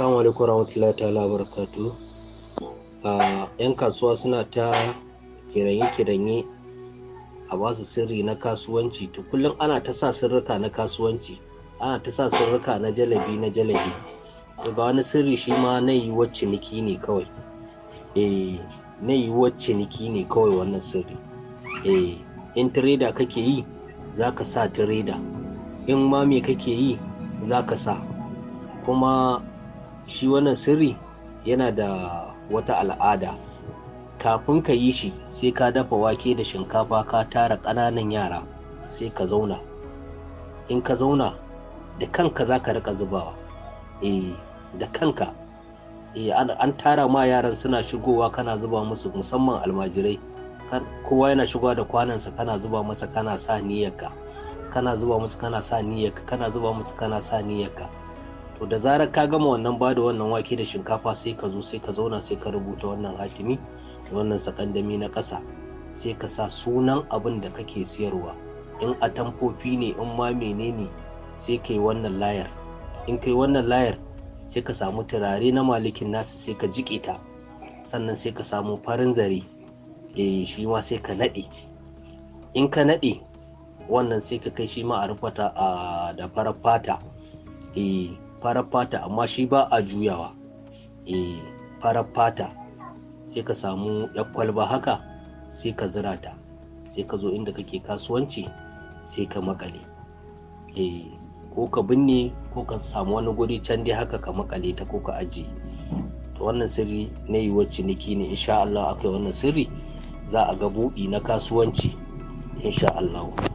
Assalamu alaikum warahmatullahi ta'ala barakatu. Ah, yan kasuwa suna ta kiranye-kiranye a basu sirri na kasuwanci to kullum ana ta sa sirrika na kasuwanci ana ta sa sirrika na jalabi na jalabi daga wani sirri shi ma na yiwuwar ciniki ne kawai eh na yiwuwar ciniki ne kawai wannan sirri eh in tireda kake yi za ka sa tireda. in ma me kake yi za ka sa kuma shi wannan sirri yana da wata al'ada kafin ka yi shi sai ka dafa wake da shinkafa ka tara ƙananan yara sai ka zauna in ka zauna da kanka za ka rika zubawa eh da kanka eh an tara ma yaran suna shigowa kana zuba musu musamman almajirai kowa yana shigowa da kwanansa kana zuba masa kana sa niyyarka kana zuba musu kana sa niyyarka kana zuba musu kana sa niyyarka to da zarar ka gama wannan ba da wannan wake da shinkafa sai ka zo sai ka zauna sai ka rubuta wannan hatimi da wannan sakandami na ƙasa sai ka sa sunan abin da kake siyarwa in a tamfofi ne in ma menene sai ka yi wannan layar in ka yi wannan layar sai ka samu turare na malikin nasu sai ka jiƙe ta sannan sai ka samu farin zare e shi ma sai ka naɗe in ka naɗe wannan sai ka kai shi ma a rufata da farar fata e farar fata amma shi ba a juyawa e farar fata sai ka samu yar kwalba haka sai ka zira ta sai ka zo inda kake kasuwanci sai ka makale e eh, ko ka binne ko ka samu wani guri can dai haka ka makale ta ko ka aji. to wannan sirri na yiwuwar ciniki ne insha Allah akai wannan sirri za a ga buɗi na kasuwanci insha Allah